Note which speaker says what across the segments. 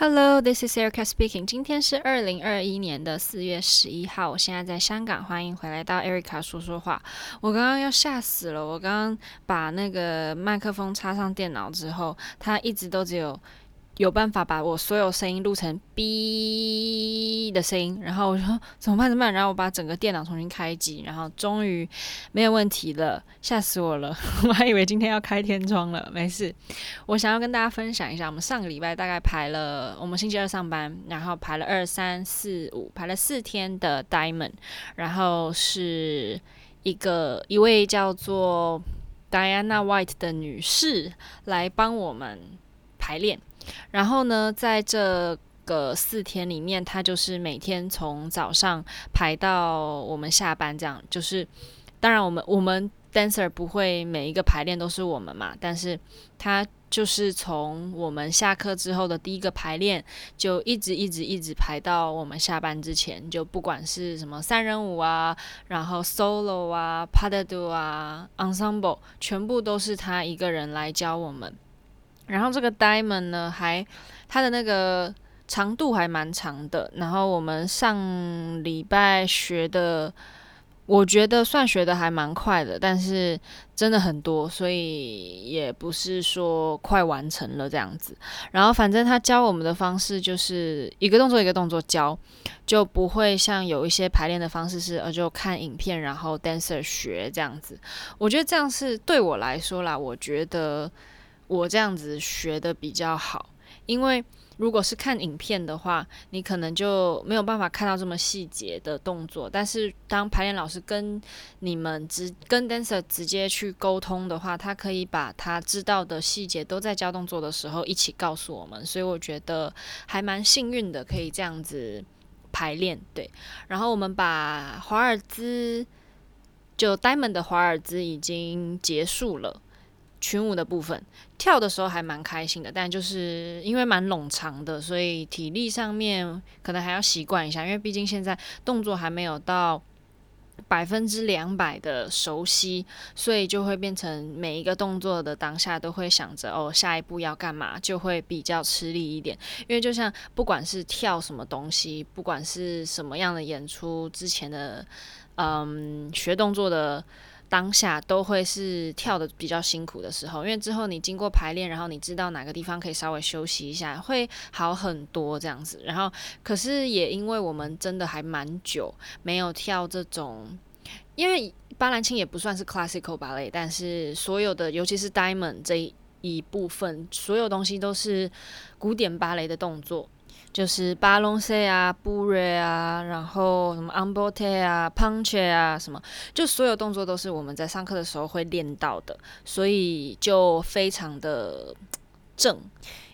Speaker 1: Hello, this is Erica speaking. 今天是二零二一年的四月十一號，我現在在香港，歡迎回來到 Erica 說說話。我剛剛要嚇死了，我剛剛把那個麥克風插上電腦之後，它一直都只有。有辦法把我所有聲音錄成嗶的聲音，然後我說，怎麼辦怎麼辦，然後我把整個電腦重新開機，然後終於沒有問題了，嚇死我了！我 還以為今天要開天窗了。沒事，我想要跟大家分享一下，我們上個禮拜大概排了，我們星期二上班，然後排了二三四五，排了四天的 Diamond，然後是一個一位叫做 Diana White 的女士來幫我們排練。然後呢，在這個四天裡面，他就是每天從早上排到我們下班，這樣就是，當然我們我們 dancer 不會每一個排練都是我們嘛，但是他就是從我們下課之後的第一個排練，就一直一直一直排到我們下班之前，就不管是什麼三人舞啊，然後 solo 啊，pas de deux 啊，ensemble 全部都是他一個人來教我們。然後這個 diamond 呢，還它的那個長度還蠻長的。然後我們上禮拜學的，我覺得算學的還蠻快的，但是真的很多，所以也不是說快完成了這樣子。然後反正他教我們的方式就是一個動作一個動作教，就不會像有一些排練的方式是呃就看影片然後 dancer 學這樣子。我覺得這樣是對我來說啦，我覺得。我這樣子學的比較好，因為如果是看影片的話，你可能就沒有辦法看到這麼細節的動作。但是當排練老師跟你們直跟 dancer 直接去溝通的話，他可以把他知道的細節都在教動作的時候一起告訴我們。所以我覺得還蠻幸運的，可以這樣子排練。對，然後我們把華爾茲就 Diamond 的華爾茲已經結束了。群舞的部分跳的時候還蠻開心的，但就是因為蠻冗長的，所以體力上面可能還要習慣一下，因為畢竟現在動作還沒有到百分之兩百的熟悉，所以就會變成每一個動作的當下都會想着哦，下一步要幹嘛，就會比較吃力一點。因為就像不管是跳什麼東西，不管是什麼樣的演出之前的嗯學動作的。當下都會是跳的比較辛苦的時候，因為之後你經過排練，然後你知道哪個地方可以稍微休息一下，會好很多這樣子。然後，可是也因為我們真的還蠻久沒有跳這種，因為巴蘭欽也不算是 classical 芭蕾，但是所有的，尤其是 diamond 這一部分，所有東西都是古典芭蕾的動作。就是巴隆塞啊、布瑞啊，然後什麼安博泰啊、punch 啊，什麼就所有動作都是我們在上課的時候會練到的，所以就非常的。正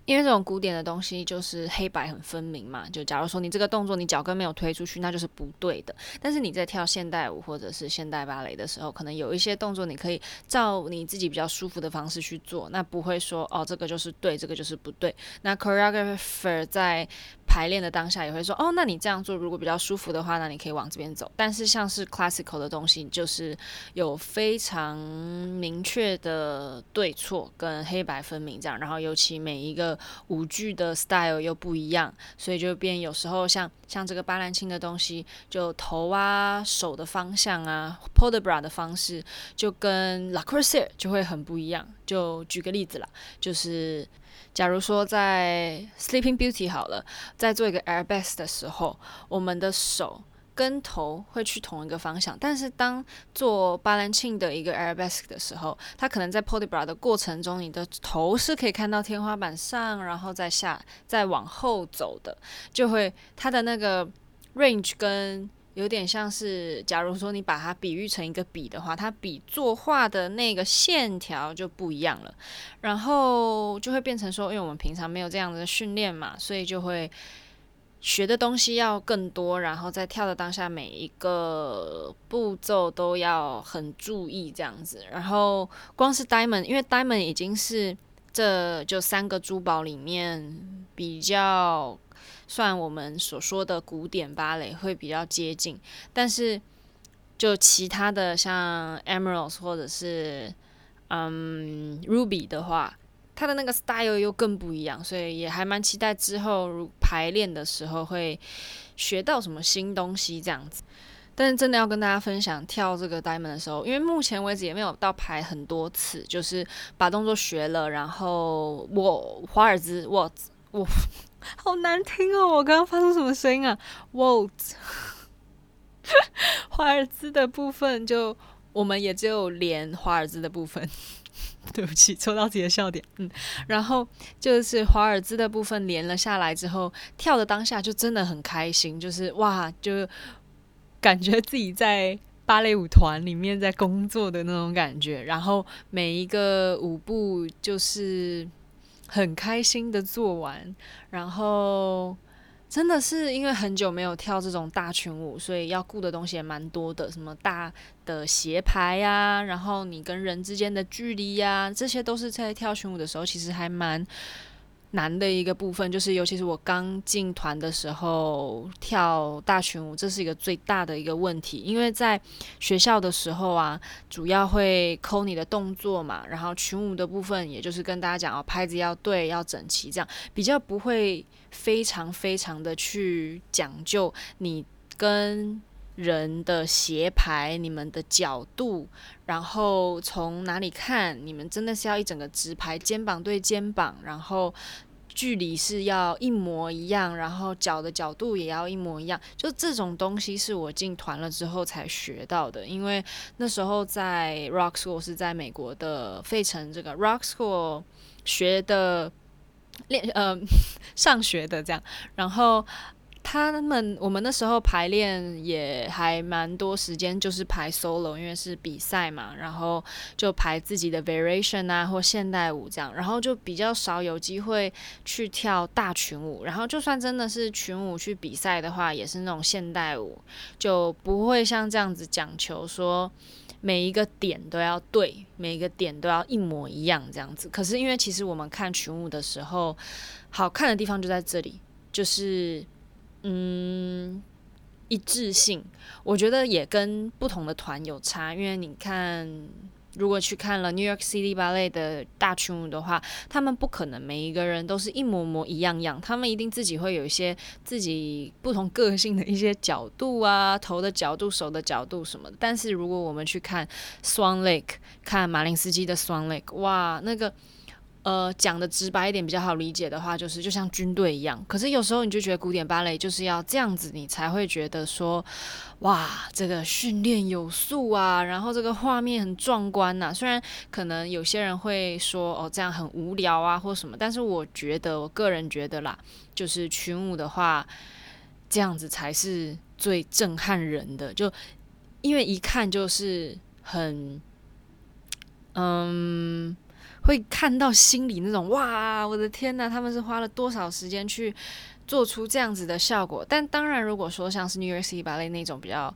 Speaker 1: 因為這種古典的東西就是黑白很分明嘛，就假如說你這個動作你腳跟沒有推出去，那就是不對的。但是你在跳現代舞或者是現代芭蕾的時候，可能有一些動作你可以照你自己比較舒服的方式去做，那不會說哦這個就是對，這個就是不對。那 choreographer 在排練的當下也會說，哦，那你這樣做如果比較舒服的話，那你可以往這邊走。但是像是 classical 的東西，就是有非常明確的對錯跟黑白分明這樣。然後尤其每一個舞劇的 style 又不一樣，所以就變有時候像像這個巴蘭青的東西，就頭啊手的方向啊，port de bras 的方式，就跟 lacrosse 就會很不一樣。就舉個例子啦，就是。假如說在 Sleeping Beauty 好了，在做一個 arabesque 的時候，我們的手跟頭會去同一個方向。但是當做巴蘭欽的一個 arabesque 的時候，它可能在 port de bras 的過程中，你的頭是可以看到天花板上，然後再下再往後走的，就會它的那個 range 跟有點像是，假如說你把它比喻成一個筆的話，它筆作畫的那個線條就不一樣了，然後就會變成說，因為我們平常沒有這樣的訓練嘛，所以就會學的東西要更多，然後在跳的當下每一個步驟都要很注意這樣子，然後光是 diamond，因為 diamond 已經是這就三個珠寶裡面比較。雖然我們所說的古典芭蕾會比較接近，但是就其他的像 Emerald 或者是嗯 Ruby 的話，它的那個 style 又更不一樣，所以也還蠻期待之後如排練的時候會學到什麼新東西這樣子。但是真的要跟大家分享跳這個 Diamond 的時候，因為目前為止也沒有到排很多次，就是把動作學了，然後我華爾茲，我我。好難聽哦！我剛剛發出什麼聲音啊？哇華爾茲的部分就，就我們也只有連華爾茲的部分。 對不起，抽到自己的笑點，嗯。然後就是華爾茲的部分連了下來之後，跳的當下就真的很開心，就是哇，就感覺自己在芭蕾舞團裡面在工作的那種感覺。然後每一個舞步就是。很開心的做完，然後真的是因為很久沒有跳這種大群舞，所以要顧的東西也蠻多的，什麼大的斜排呀、啊，然後你跟人之間的距離呀、啊，這些都是在跳群舞的時候其實還蠻。難的一個部分就是，尤其是我剛進團的時候跳大群舞，這是一個最大的一個問題。因為在學校的時候啊，主要會摳你的動作嘛，然後群舞的部分，也就是跟大家講，哦，拍子要對，要整齊，這樣比較不會非常非常的去講究你跟人的斜排，你們的角度，然後從哪裡看，你們真的是要一整個直排，肩膀對肩膀，然後。距離是要一模一樣，然後腳的角度也要一模一樣。就這種東西是我進團了之後才學到的，因為那時候在 Rock School 是在美國的費城，這個 Rock School 學的練呃上學的這樣，然後。他們我們那時候排練也還蠻多時間，就是排 solo，因為是比賽嘛，然後就排自己的 variation 啊，或現代舞這樣，然後就比較少有機會去跳大群舞。然後就算真的是群舞去比賽的話，也是那種現代舞，就不會像這樣子講求說每一個點都要對，每一個點都要一模一樣這樣子。可是因為其實我們看群舞的時候，好看的地方就在這裡，就是。嗯，一致性，我覺得也跟不同的團有差。因為你看，如果去看了 New York City Ballet 的大群舞的話，他們不可能每一個人都是一模模一樣樣，他們一定自己會有一些自己不同個性的一些角度啊，頭的角度、手的角度什麼的。但是如果我們去看 Swan Lake，看馬林斯基的 Swan Lake，哇，那個。呃，講的直白一點比較好理解的話，就是就像軍隊一樣。可是有時候你就覺得古典芭蕾就是要這樣子，你才會覺得說，哇，這個訓練有素啊，然後這個畫面很壯觀吶、啊。雖然可能有些人會說，哦，這樣很無聊啊，或什麼，但是我覺得，我個人覺得啦，就是群舞的話，這樣子才是最震撼人的，就因為一看就是很，嗯。會看到心裡那種哇，我的天吶！他們是花了多少時間去做出這樣子的效果？但當然，如果說像是 New York City Ballet 那種比較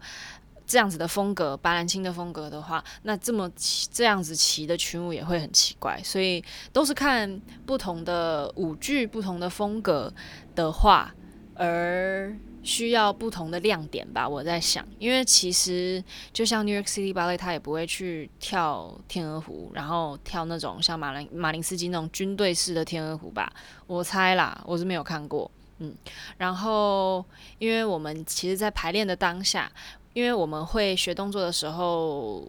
Speaker 1: 這樣子的風格，芭蘭欽的風格的話，那這麼齊這樣子齊的群舞也會很奇怪。所以都是看不同的舞劇、不同的風格的話而。需要不同的亮點吧，我在想，因為其實就像 New York City Ballet，他也不會去跳天鵝湖，然後跳那種像馬林，馬林斯基那種軍隊式的天鵝湖吧，我猜啦，我是沒有看過，嗯，然後因為我們其實在排練的當下，因為我們會學動作的時候。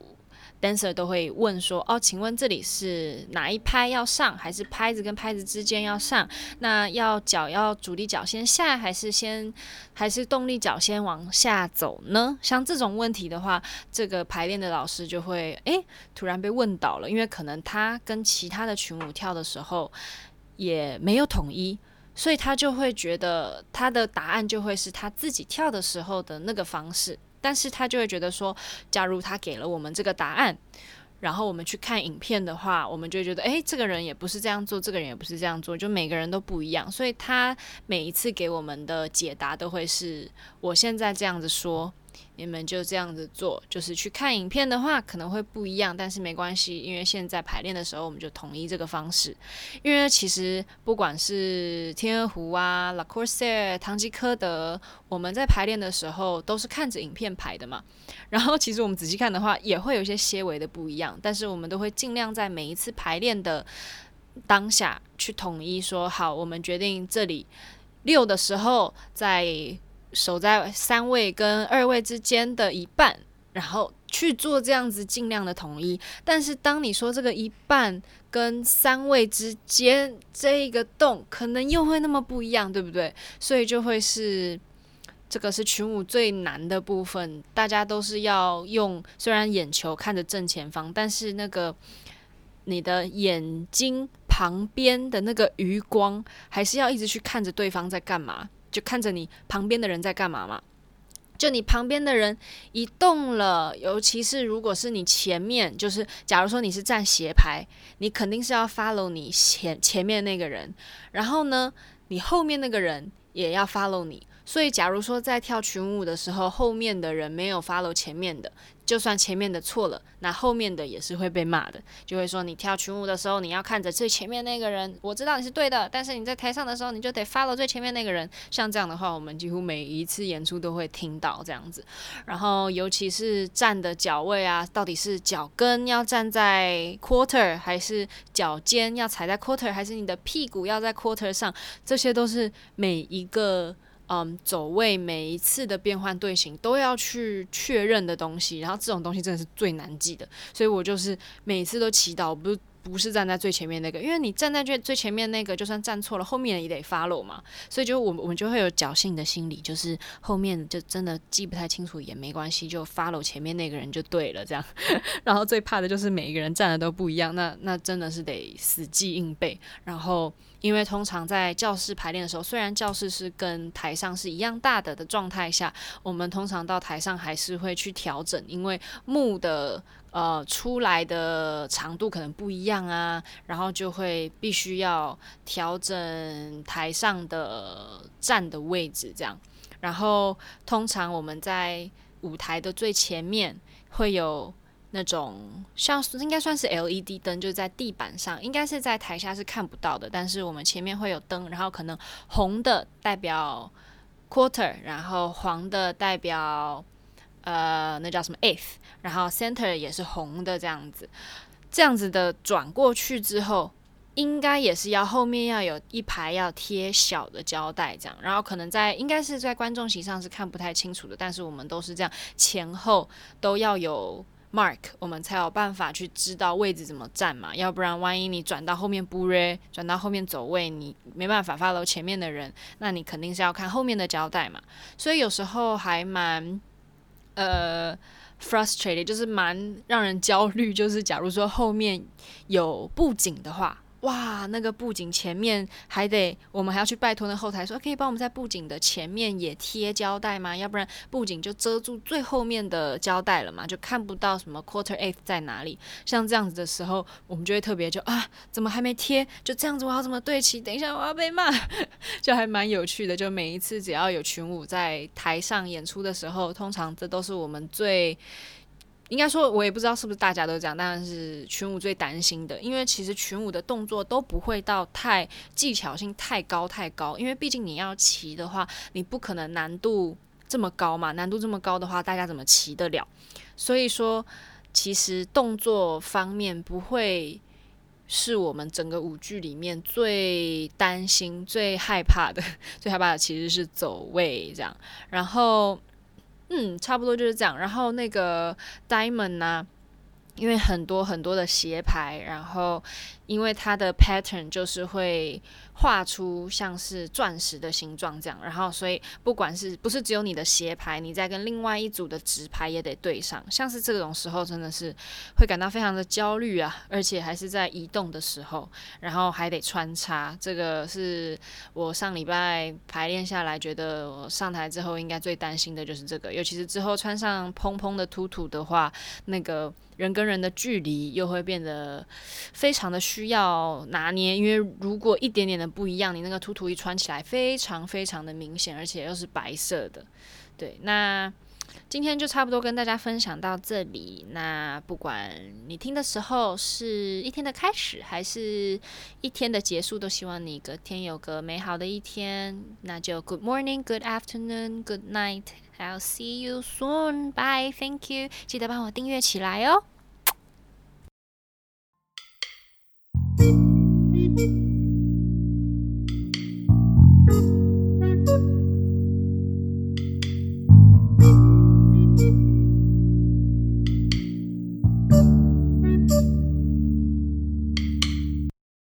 Speaker 1: Dancer 都會問說，哦，請問這裡是哪一拍要上，還是拍子跟拍子之間要上？那要腳要主力腳先下，還是先還是動力腳先往下走呢？像這種問題的話，這個排練的老師就會，哎、欸，突然被問倒了，因為可能他跟其他的群舞跳的時候也沒有統一，所以他就會覺得他的答案就會是他自己跳的時候的那個方式。但是他就會覺得說，假如他給了我們這個答案，然後我們去看影片的話，我們就會覺得，哎、欸，這個人也不是這樣做，這個人也不是這樣做，就每個人都不一樣。所以他每一次給我們的解答都會是我現在這樣子說。你們就這樣子做，就是去看影片的話，可能會不一樣，但是沒關係，因為現在排練的時候，我們就統一這個方式。因為其實不管是《天鵝湖》啊，《Le Corsaire》，《唐吉訶德》，我們在排練的時候都是看着影片排的嘛。然後，其實我們仔細看的話，也會有一些些微的不一樣，但是我們都會盡量在每一次排練的當下去統一說好，我們決定這裡六的時候在。守在三位跟二位之間的一半，然後去做這樣子盡量的統一。但是當你說這個一半跟三位之間這一個洞，可能又會那麼不一樣，對不對？所以就會是這個是群舞最難的部分。大家都是要用，雖然眼球看着正前方，但是那個你的眼睛旁邊的那個餘光，還是要一直去看着對方在幹嘛。就看着你旁邊的人在幹嘛嘛？就你旁邊的人移動了，尤其是如果是你前面，就是假如說你是站斜排，你肯定是要 follow 你前前面那個人，然後呢，你後面那個人也要 follow 你。所以，假如說在跳群舞的時候，後面的人沒有 follow 前面的。就算前面的錯了，那後面的也是會被罵的，就會說你跳群舞的時候，你要看着最前面那個人。我知道你是對的，但是你在台上的時候，你就得 follow 最前面那個人。像這樣的話，我們幾乎每一次演出都會聽到這樣子。然後，尤其是站的腳位啊，到底是腳跟要站在 quarter，還是腳尖要踩在 quarter，還是你的屁股要在 quarter 上，這些都是每一個。嗯，um，走位每一次的變換隊形都要去確認的東西，然後這種東西真的是最難記的，所以我就是每次都祈禱不不是站在最前面那個，因為你站在最最前面那個，就算站錯了，後面也得 follow 嘛，所以就我們我們就會有僥幸的心理，就是後面就真的記不太清楚也沒關係，就 follow 前面那個人就對了這樣，然後最怕的就是每一個人站的都不一樣，那那真的是得死記硬背，然後。因為通常在教室排練的時候，雖然教室是跟台上是一樣大的的狀態下，我們通常到台上還是會去調整，因為幕的，呃，出來的長度可能不一樣啊，然後就會必須要調整台上的站的位置這樣。然後通常我們在舞台的最前面會有。那種像是應該算是 LED 燈，就是在地板上，應該是在台下是看不到的。但是我們前面會有燈，然後可能紅的代表 quarter，然後黃的代表呃那叫什麼 eighth，然後 center 也是紅的這樣子，這樣子的轉過去之後，應該也是要後面要有一排要貼小的膠帶這樣，然後可能在應該是在觀眾席上是看不太清楚的，但是我們都是這樣前後都要有。Mark，我們才有辦法去知道位置怎麼站嘛，要不然萬一你轉到後面布瑞，轉到後面走位，你沒辦法 follow 前面的人，那你肯定是要看後面的交代嘛。所以有時候還蠻呃 frustrated，就是蠻讓人焦慮，就是假如說後面有布景的話。哇，那個佈景前面還得，我們還要去拜托那後台說，可以幫我們在佈景的前面也貼膠帶嗎？要不然佈景就遮住最後面的膠帶了嘛，就看不到什麼 quarter eighth 在哪裡？像這樣子的時候，我們就會特別就啊，怎麼還沒貼？就這樣子，我要怎麼對齊？等一下我要被罵， 就還蠻有趣的。就每一次只要有群舞在台上演出的時候，通常這都是我們最。應該說，我也不知道是不是大家都這樣，當然是群舞最擔心的，因為其實群舞的動作都不會到太技巧性太高太高，因為畢竟你要齊的話，你不可能難度這麼高嘛，難度這麼高的話，大家怎麼齊得了？所以說，其實動作方面不會是我們整個舞劇裡面最擔心、最害怕的，最害怕的其實是走位這樣，然後。嗯，差不多就是這樣。然後那個 diamond 呢、啊，因為很多很多的斜排，然後因為它的 pattern 就是會。畫出像是鑽石的形狀這樣，然後所以不管是不是只有你的斜排，你再跟另外一組的直排也得對上。像是這種時候，真的是會感到非常的焦慮啊，而且還是在移動的時候，然後還得穿插。這個是我上禮拜排練下來，覺得我上台之後應該最擔心的就是這個，尤其是之後穿上蓬蓬的突突的話，那個人跟人的距離又會變得非常的需要拿捏，因為如果一點點的。不一樣，你那個 tutu 一穿起來，非常非常的明顯，而且又是白色的。對，那今天就差不多跟大家分享到這裡。那不管你聽的時候是一天的開始，還是一天的結束，都希望你隔天有個美好的一天。那就 Good morning，Good afternoon，Good night，I'll see you soon，bye，Thank you，記得幫我訂閱起來哦。